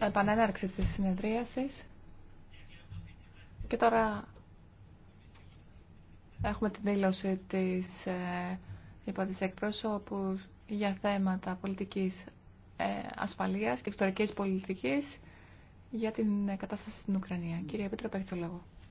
Επανέναρξη της συνεδρίασης. Και τώρα έχουμε την δήλωση της είπα, της εκπρόσωπου για θέματα πολιτικής ε, ασφαλείας και εξωτερικής πολιτικής για την ε, κατάσταση στην Ουκρανία. Κύριε Επίτροπε, έχει το λόγο.